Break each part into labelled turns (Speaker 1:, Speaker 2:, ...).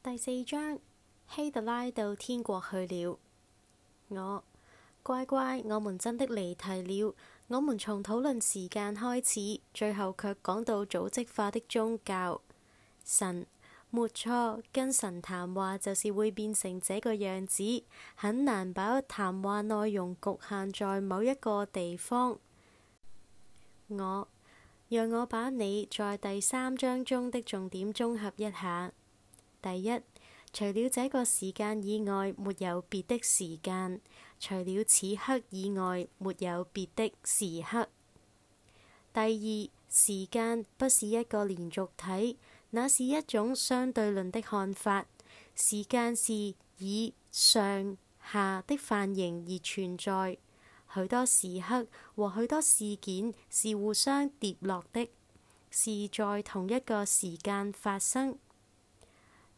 Speaker 1: 第四章，希特拉到天國去了。我乖乖，我們真的離題了。我們從討論時間開始，最後卻講到組織化的宗教。神，沒錯，跟神談話就是會變成這個樣子，很難把談話內容局限在某一個地方。我讓我把你在第三章中的重點綜合一下。第一，除了這個時間以外，沒有別的時間；除了此刻以外，沒有別的時刻。第二，時間不是一個連續體，那是一種相對論的看法。時間是以上下的範型而存在，許多時刻和許多事件是互相疊落的，是在同一個時間發生。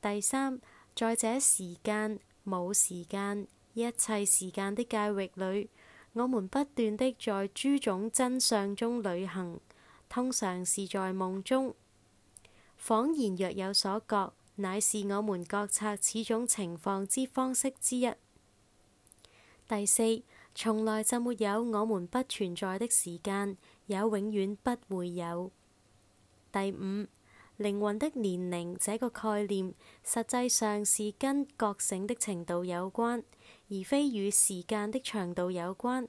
Speaker 1: 第三，在這時間、冇時間、一切時間的界域裏，我們不斷的在諸種真相中旅行，通常是在夢中。恍然若有所覺，乃是我們覺察此種情況之方式之一。第四，從來就沒有我們不存在的時間，也永遠不會有。第五。靈魂的年齡這個概念，實際上是跟覺醒的程度有關，而非與時間的長度有關。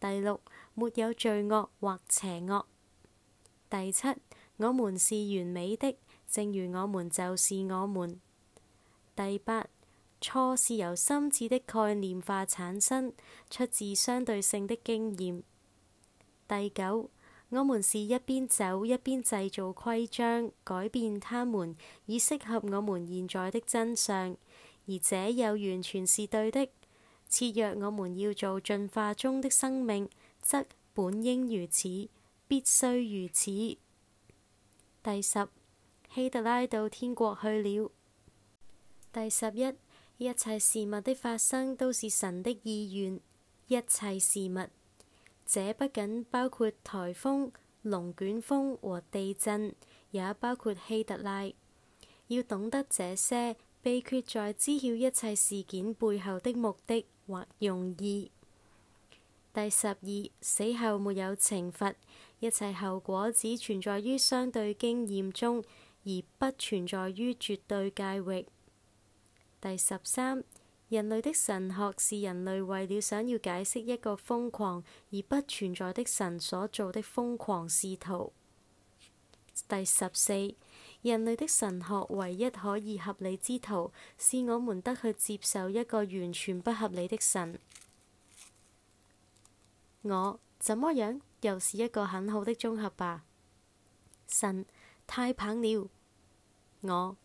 Speaker 1: 第六，沒有罪惡或邪惡。第七，我們是完美的，正如我們就是我們。第八，錯是由心智的概念化產生，出自相對性的經驗。第九。我們是一邊走一邊製造規章，改變他們以適合我們現在的真相，而這又完全是對的。倘若我們要做進化中的生命，則本應如此，必須如此。第十，希特拉到天國去了。第十一，一切事物的發生都是神的意願，一切事物。這不僅包括颱風、龍捲風和地震，也包括希特拉。要懂得這些秘訣，在知曉一切事件背後的目的或用意。第十二，死後沒有懲罰，一切後果只存在於相對經驗中，而不存在於絕對界域。第十三。人類的神學是人類為了想要解釋一個瘋狂而不存在的神所做的瘋狂試圖。第十四，人類的神學唯一可以合理之途，是我們得去接受一個完全不合理的神。我怎麼樣？又是一個很好的綜合吧。神太棒了！我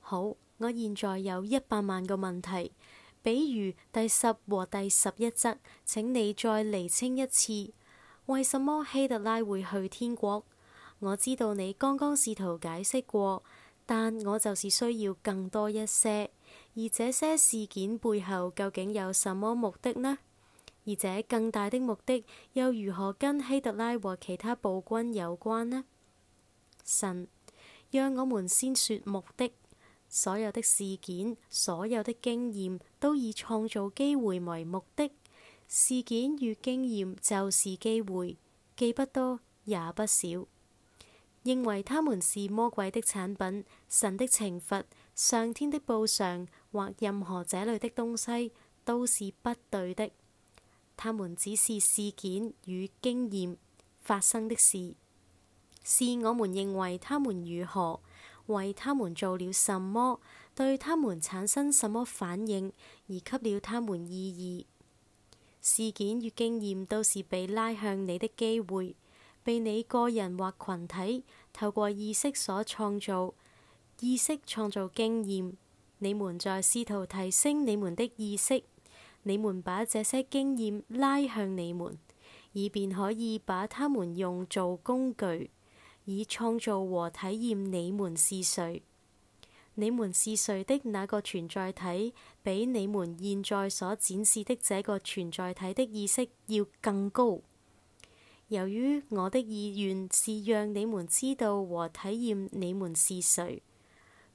Speaker 1: 好，我現在有一百萬個問題。比如第十和第十一則，請你再厘清一次，為什麼希特拉會去天國？我知道你剛剛試圖解釋過，但我就是需要更多一些。而這些事件背後究竟有什麼目的呢？而這更大的目的又如何跟希特拉和其他暴君有關呢？神，讓我們先說目的。所有的事件，所有的經驗，都以創造機會為目的。事件與經驗就是機會，既不多也不少。認為他們是魔鬼的產品、神的懲罰、上天的報償，或任何這類的東西，都是不對的。他們只是事件與經驗發生的事，是我們認為他們如何。為他們做了什麼，對他們產生什麼反應，而給了他們意義。事件與經驗都是被拉向你的機會，被你個人或群體透過意識所創造。意識創造經驗，你們在試圖提升你們的意識，你們把這些經驗拉向你們，以便可以把他們用做工具。以創造和體驗你們是誰，你們是誰的那個存在體，比你們現在所展示的這個存在體的意識要更高。由於我的意願是讓你們知道和體驗你們是誰，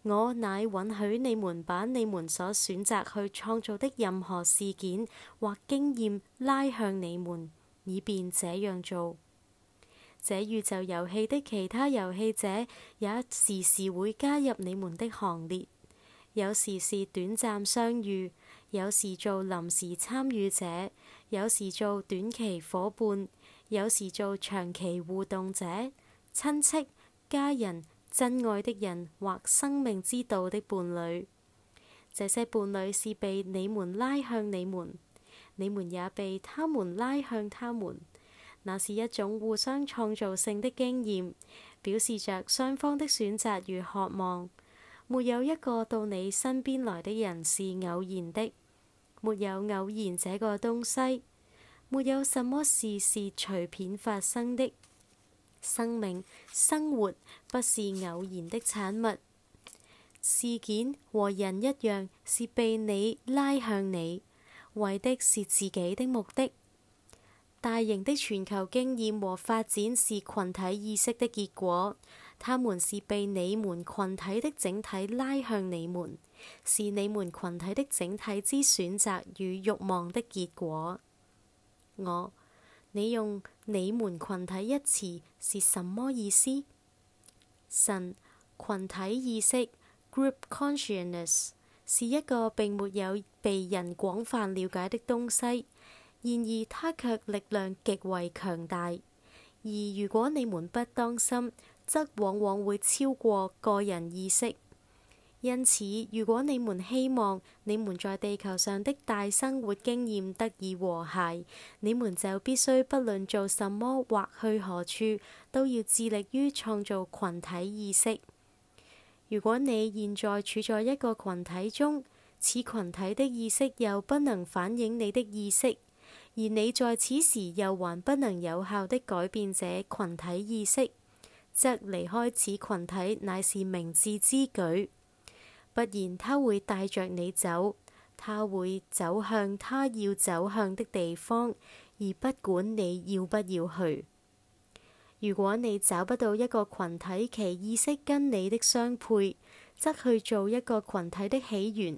Speaker 1: 我乃允許你們把你們所選擇去創造的任何事件或經驗拉向你們，以便這樣做。這宇宙遊戲的其他遊戲者也時時會加入你們的行列，有時是短暫相遇，有時做臨時參與者，有時做短期伙伴，有時做長期互動者。親戚、家人、真愛的人或生命之道的伴侶。這些伴侶是被你們拉向你們，你們也被他們拉向他們。那是一種互相創造性的經驗，表示着雙方的選擇與渴望。沒有一個到你身邊來的人是偶然的，沒有偶然這個東西，沒有什麼事是隨便發生的。生命、生活不是偶然的產物。事件和人一樣是被你拉向你，為的是自己的目的。大型的全球經驗和發展是群體意識的結果，他們是被你們群體的整體拉向你們，是你們群體的整體之選擇與慾望的結果。我，你用你們群體一詞是什麼意思？神群體意識 g r o u p consciousness） 是一個並沒有被人廣泛了解的東西。然而，它卻力量極為強大，而如果你們不當心，則往往會超過個人意識。因此，如果你們希望你們在地球上的大生活經驗得以和諧，你們就必須，不論做什麼或去何處，都要致力於創造群體意識。如果你現在處在一個群體中，此群體的意識又不能反映你的意識，而你在此時又還不能有效的改變這群體意識，則離開此群體乃是明智之舉。不然，他會帶着你走，他會走向他要走向的地方，而不管你要不要去。如果你找不到一個群體其意識跟你的相配，則去做一個群體的起源，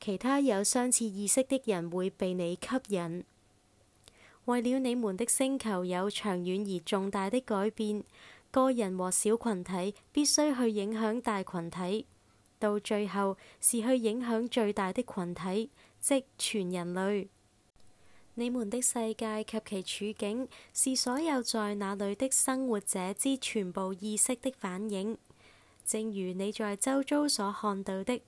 Speaker 1: 其他有相似意識的人會被你吸引。為了你們的星球有長遠而重大的改變，個人和小群體必須去影響大群體，到最後是去影響最大的群體，即全人類。你們的世界及其處境是所有在那裏的生活者之全部意識的反映，正如你在周遭所看到的。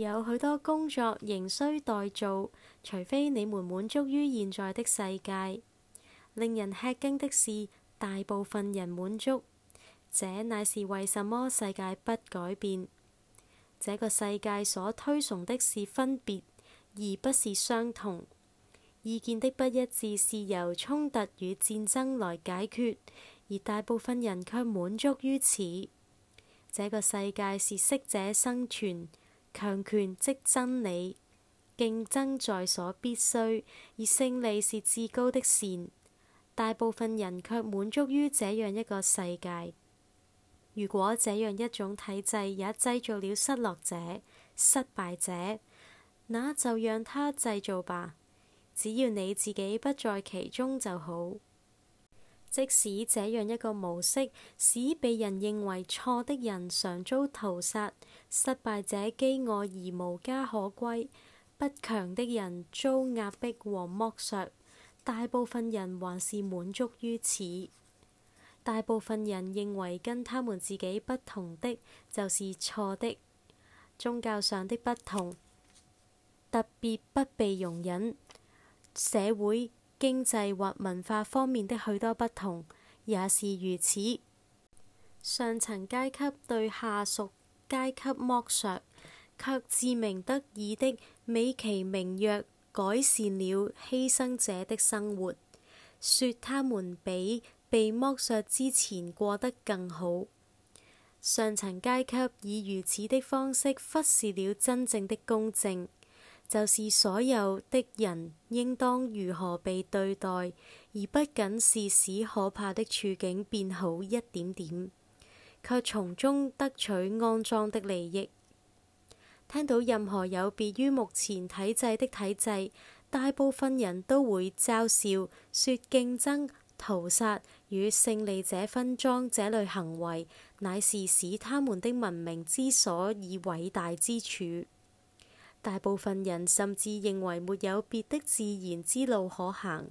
Speaker 1: 有許多工作仍需待做，除非你們滿足於現在的世界。令人吃驚的是，大部分人滿足，這乃是為什麼世界不改變。這個世界所推崇的是分別，而不是相同。意見的不一致是由衝突與戰爭來解決，而大部分人卻滿足於此。這個世界是適者生存。強權即真理，競爭在所必須，而勝利是至高的善。大部分人卻滿足於這樣一個世界。如果這樣一種體制也製造了失落者、失敗者，那就讓它製造吧。只要你自己不在其中就好。即使這樣一個模式，使被人認為錯的人常遭屠殺，失敗者飢餓而無家可歸，不強的人遭壓迫和剝削，大部分人還是滿足於此。大部分人認為跟他們自己不同的就是錯的，宗教上的不同特別不被容忍，社會，經濟或文化方面的許多不同也是如此。上層階級對下屬階級剝削，卻自鳴得意的美其名曰改善了犧牲者的生活，說他們比被剝削之前過得更好。上層階級以如此的方式忽視了真正的公正。就是所有的人應當如何被對待，而不僅是使可怕的處境變好一點點，卻從中得取骯髒的利益。聽到任何有別於目前體制的體制，大部分人都會嘲笑，說競爭、屠殺與勝利者分贓這類行為，乃是使他們的文明之所以偉大之處。大部分人甚至認為沒有別的自然之路可行，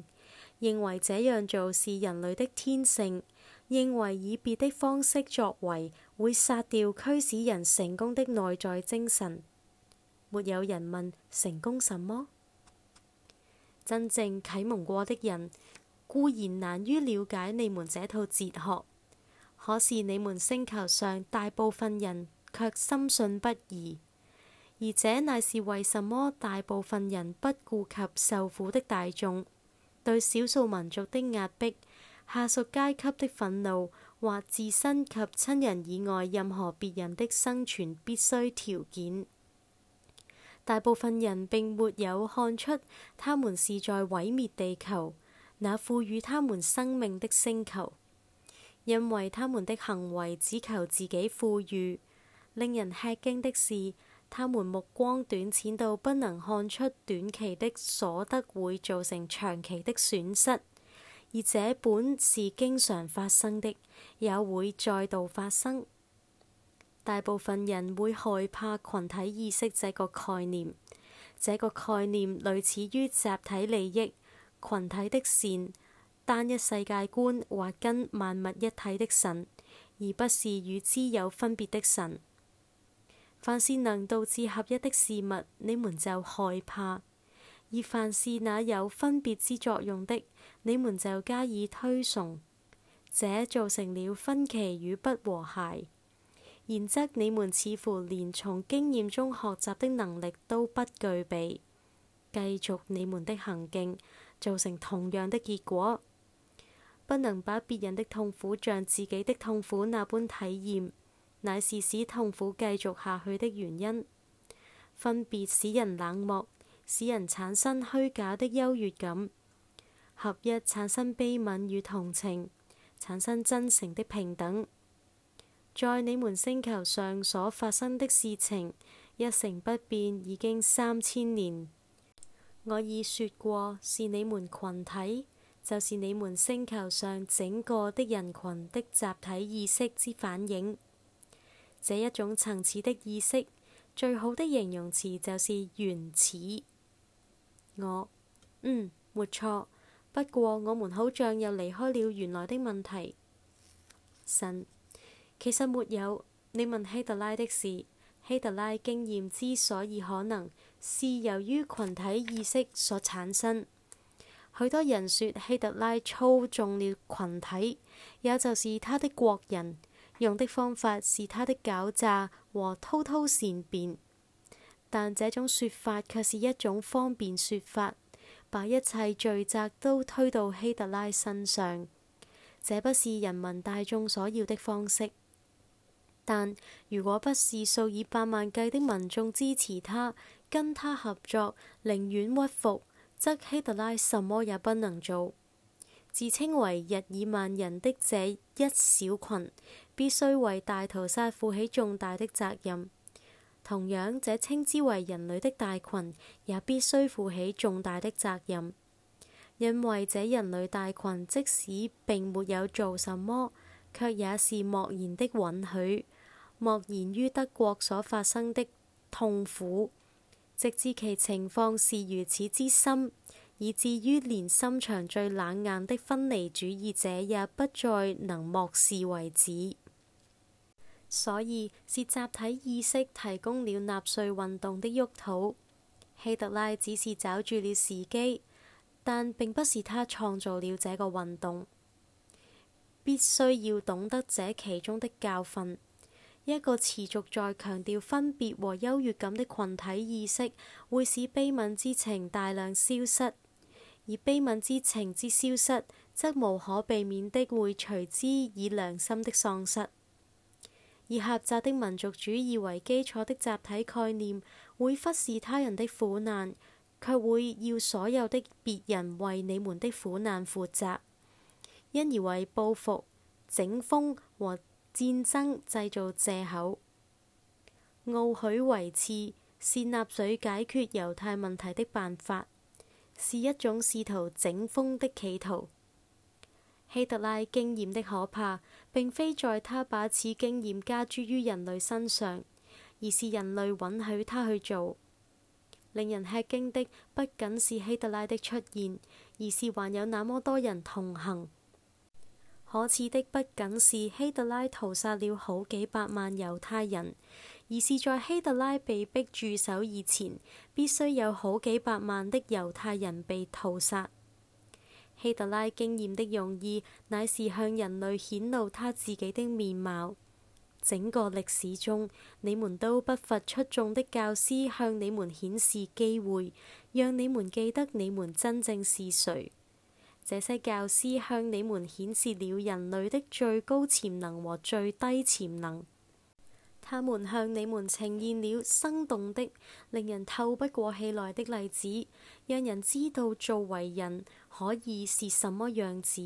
Speaker 1: 認為這樣做是人類的天性，認為以別的方式作為會殺掉驅使人成功的內在精神。沒有人問成功什麼，真正啟蒙過的人固然難於了解你們這套哲學，可是你們星球上大部分人卻深信不疑。而這乃是為什麼大部分人不顧及受苦的大眾、對少數民族的壓迫、下屬階級的憤怒或自身及親人以外任何別人的生存必須條件。大部分人並沒有看出他們是在毀滅地球那賦予他們生命的星球，因為他們的行為只求自己富裕。令人吃驚的是。他們目光短淺到不能看出短期的所得會造成長期的損失，而這本是經常發生的，也會再度發生。大部分人會害怕群體意識這個概念，這個概念類似於集體利益、群體的善、單一世界觀或跟萬物一體的神，而不是與之有分別的神。凡是能導致合一的事物，你們就害怕；而凡是那有分別之作用的，你們就加以推崇。這造成了分歧與不和諧。然則你們似乎連從經驗中學習的能力都不具備。繼續你們的行徑，造成同樣的結果。不能把別人的痛苦像自己的痛苦那般體驗。乃是使痛苦繼續下去的原因。分別使人冷漠，使人產生虛假的優越感，合一產生悲憫與同情，產生真誠的平等。在你們星球上所發生的事情一成不變已經三千年。我已說過，是你們群體，就是你們星球上整個的人群的集體意識之反映。這一種層次的意識，最好的形容詞就是原始。我，嗯，沒錯。不過，我們好像又離開了原來的問題。神，其實沒有。你問希特拉的事，希特拉經驗之所以可能是由於群體意識所產生。許多人說希特拉操縱了群體，也就是他的國人。用的方法是他的狡詐和滔滔善辯，但這種說法卻是一種方便說法，把一切罪責都推到希特拉身上。這不是人民大眾所要的方式。但如果不是數以百萬計的民眾支持他、跟他合作、寧願屈服，則希特拉什麼也不能做。自稱為日耳曼人的這一小群必須為大屠殺負起重大的責任。同樣，這稱之為人類的大群也必須負起重大的責任。因為這人類大群即使並沒有做什麼，卻也是默然的允許默然於德國所發生的痛苦，直至其情況是如此之深。以至於連心腸最冷硬的分離主義者也不再能漠視為止，所以是集體意識提供了納粹運動的沃土。希特拉只是找住了時機，但並不是他創造了這個運動。必須要懂得這其中的教訓，一個持續在強調分別和優越感的群體意識會使悲憫之情大量消失。而悲憫之情之消失，則無可避免的會隨之以良心的喪失。以狹窄的民族主義為基礎的集體概念，會忽視他人的苦難，卻會要所有的別人為你們的苦難負責，因而為報復、整風和戰爭製造借口，奧許維次是納粹解決猶太問題的辦法。是一種試圖整風的企圖。希特拉經驗的可怕，並非在他把此經驗加諸於人類身上，而是人類允許他去做。令人吃驚的，不僅是希特拉的出現，而是還有那麼多人同行。可恥的不僅是希特拉屠殺了好幾百萬猶太人，而是在希特拉被迫住手以前，必須有好幾百萬的猶太人被屠殺。希特拉經驗的用意，乃是向人類顯露他自己的面貌。整個歷史中，你們都不乏出眾的教師，向你們顯示機會，讓你們記得你們真正是誰。這些教師向你們顯示了人類的最高潛能和最低潛能。他們向你們呈現了生動的、令人透不過氣來的例子，讓人知道做為人可以是什麼樣子。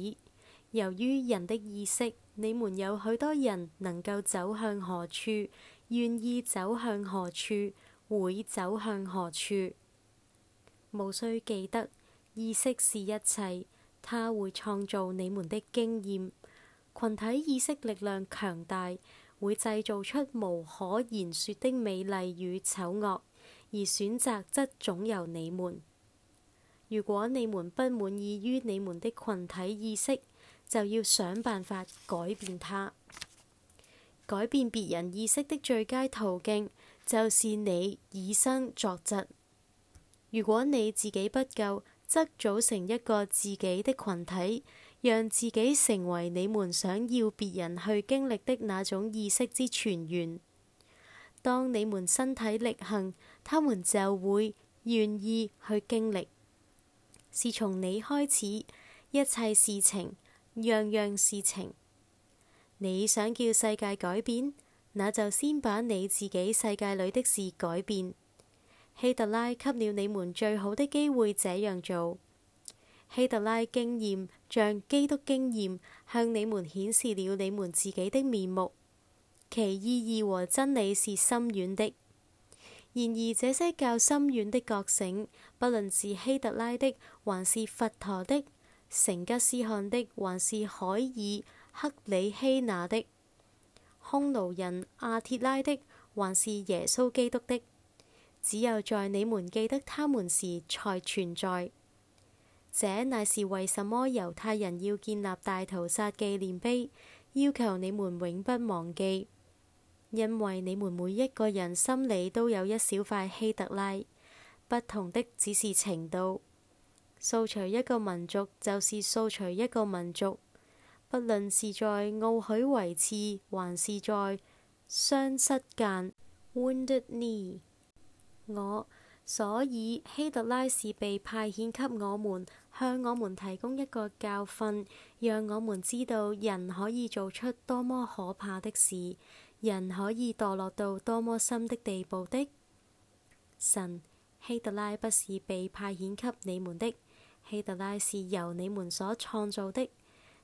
Speaker 1: 由於人的意識，你們有許多人能夠走向何處，願意走向何處，會走向何處。無需記得，意識是一切。他會創造你們的經驗。群體意識力量強大，會製造出無可言說的美麗與醜惡，而選擇則總由你們。如果你們不滿意於你們的群體意識，就要想辦法改變它。改變別人意識的最佳途徑，就是你以身作則。如果你自己不夠，則組成一個自己的群體，讓自己成為你們想要別人去經歷的那種意識之泉源。當你們身體力行，他們就會願意去經歷。是從你開始，一切事情，樣樣事情。你想叫世界改變，那就先把你自己世界裏的事改變。希特拉給了你們最好的機會這樣做。希特拉經驗，像基督經驗，向你們顯示了你們自己的面目，其意義和真理是深遠的。然而，這些較深遠的覺醒，不論是希特拉的，還是佛陀的，成吉思汗的，還是海爾克里希那的，匈奴人阿鐵拉的，還是耶穌基督的，只有在你們記得他們時，才存在。這乃是為什麼猶太人要建立大屠殺紀念碑，要求你們永不忘記，因為你們每一個人心裡都有一小塊希特拉，不同的只是程度。掃除一個民族就是掃除一個民族，不論是在奧許維茨，還是在傷膝間，Wounded Knee。我，所以希特拉是被派遣給我們，向我們提供一個教訓，讓我們知道人可以做出多麼可怕的事，人可以墮落到多麼深的地步的。神，希特拉不是被派遣給你們的，希特拉是由你們所創造的，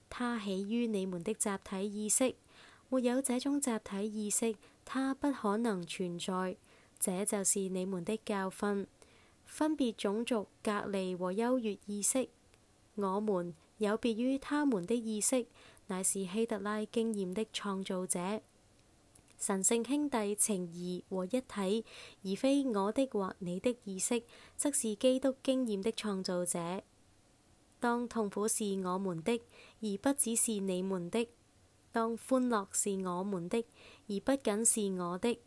Speaker 1: 他起於你們的集體意識，沒有這種集體意識，他不可能存在。這就是你們的教訓，分別種族隔離和優越意識。我們有別於他們的意識，乃是希特拉經驗的創造者；神性兄弟情誼和一體，而非我的或你的意識，則是基督經驗的創造者。當痛苦是我們的，而不只是你們的；當歡樂是我們的，而不僅是我的。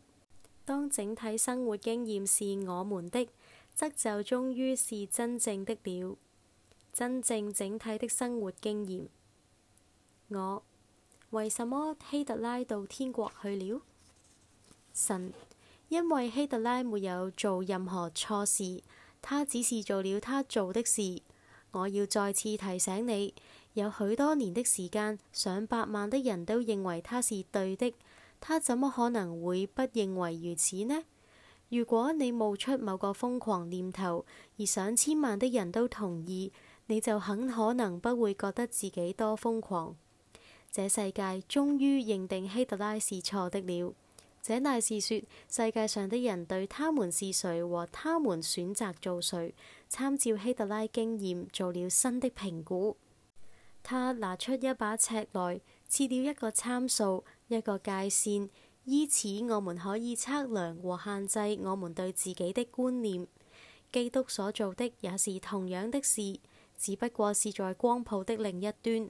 Speaker 1: 當整體生活經驗是我們的，則就終於是真正的了，真正整體的生活經驗。我，為什麼希特拉到天國去了？神，因為希特拉沒有做任何錯事，他只是做了他做的事。我要再次提醒你，有許多年的時間，上百萬的人都認為他是對的。他怎麼可能會不認為如此呢？如果你冒出某個瘋狂念頭，而上千萬的人都同意，你就很可能不會覺得自己多瘋狂。這世界終於認定希特拉是錯的了。這乃是說世界上的人對他們是誰和他們選擇做誰，參照希特拉經驗做了新的評估。他拿出一把尺來，切掉一個參數。一個界線，依此我們可以測量和限制我們對自己的觀念。基督所做的也是同樣的事，只不過是在光譜的另一端。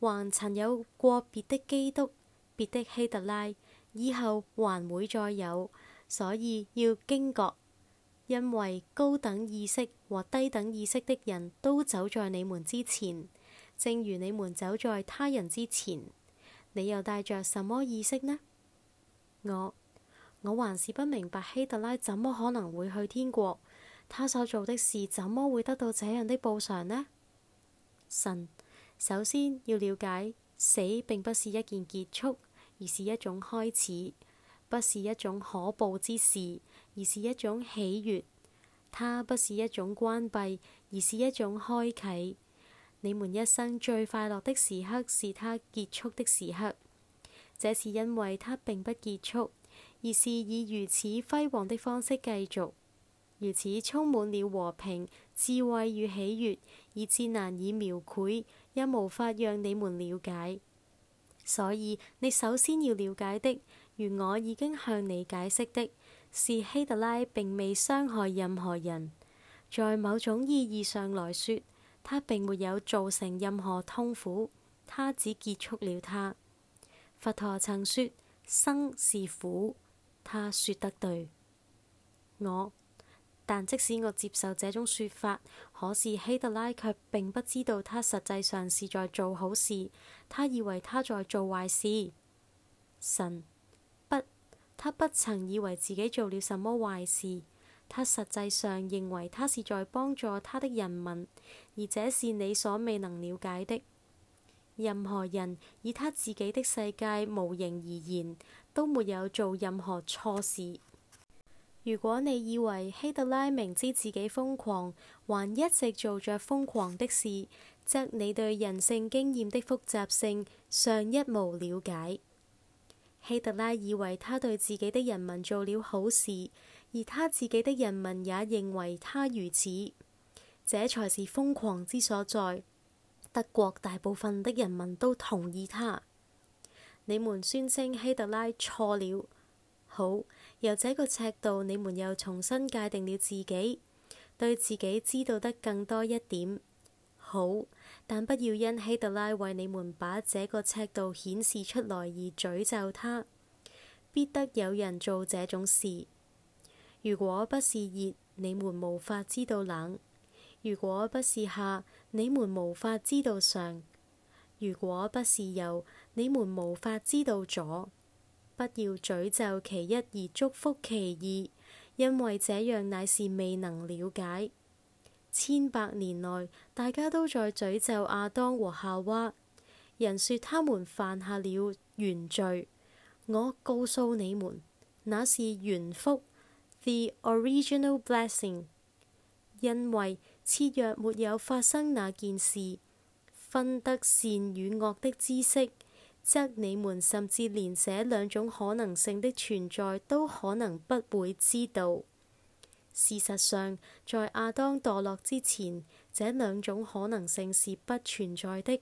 Speaker 1: 還曾有過別的基督，別的希特拉，以後還會再有，所以要驚覺，因為高等意識或低等意識的人都走在你們之前，正如你們走在他人之前。你又帶着什麼意識呢？我，我還是不明白希特拉怎麼可能會去天國，他所做的事怎麼會得到這樣的報償呢？神，首先要了解，死並不是一件結束，而是一種開始，不是一種可怖之事，而是一種喜悅，它不是一種關閉，而是一種開啟。你們一生最快樂的時刻是他結束的時刻，這是因為他並不結束，而是以如此輝煌的方式繼續，如此充滿了和平、智慧與喜悅，以致難以描繪，也無法讓你們了解。所以你首先要了解的，如我已經向你解釋的，是希特拉並未傷害任何人，在某種意義上來說。他並沒有造成任何痛苦，他只結束了他。佛陀曾說生是苦，他說得對。我，但即使我接受這種說法，可是希特拉却並不知道他實際上是在做好事，他以為他在做壞事。神，不，他不曾以為自己做了什麼壞事。他實際上認為他是在幫助他的人民，而這是你所未能了解的。任何人以他自己的世界模型而言，都沒有做任何錯事。如果你以為希特拉明知自己瘋狂，還一直做着瘋狂的事，則你對人性經驗的複雜性尚一無了解。希特拉以為他對自己的人民做了好事。而他自己的人民也認為他如此，這才是瘋狂之所在。德國大部分的人民都同意他。你們宣稱希特拉錯了，好，由這個尺度，你們又重新界定了自己，對自己知道得更多一點。好，但不要因希特拉為你們把這個尺度顯示出來而詛咒他。必得有人做這種事。如果不是熱，你們無法知道冷；如果不是下，你們無法知道上；如果不是右，你們無法知道左。不要詛咒其一而祝福其二，因為這樣乃是未能了解。千百年來，大家都在詛咒亞當和夏娃，人說他們犯下了原罪。我告訴你們，那是原福。The original blessing，因為切若沒有發生那件事，分得善與惡的知識，則你們甚至連這兩種可能性的存在都可能不會知道。事實上，在亞當墮落之前，這兩種可能性是不存在的。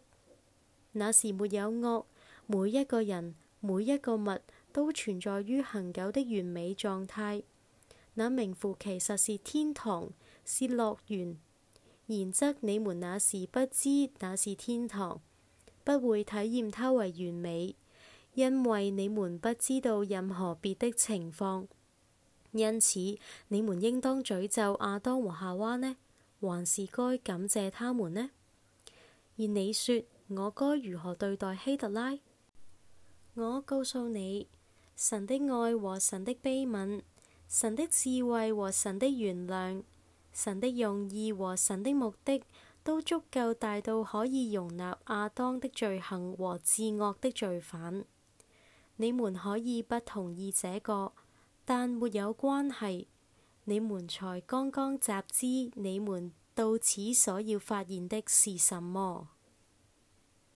Speaker 1: 那時沒有惡，每一個人、每一個物都存在於恒久的完美狀態。那名副其實是天堂，是樂園。然則你們那時不知那是天堂，不會體驗它為完美，因為你們不知道任何別的情況。因此，你們應當詛咒亞當和夏娃呢，還是該感謝他們呢？而你說我該如何對待希特拉？我告訴你，神的愛和神的悲憫。神的智慧和神的原諒，神的用意和神的目的，都足夠大到可以容納亞當的罪行和至惡的罪犯。你們可以不同意這個，但沒有關係。你們才剛剛集資。你們到此所要發現的是什麼？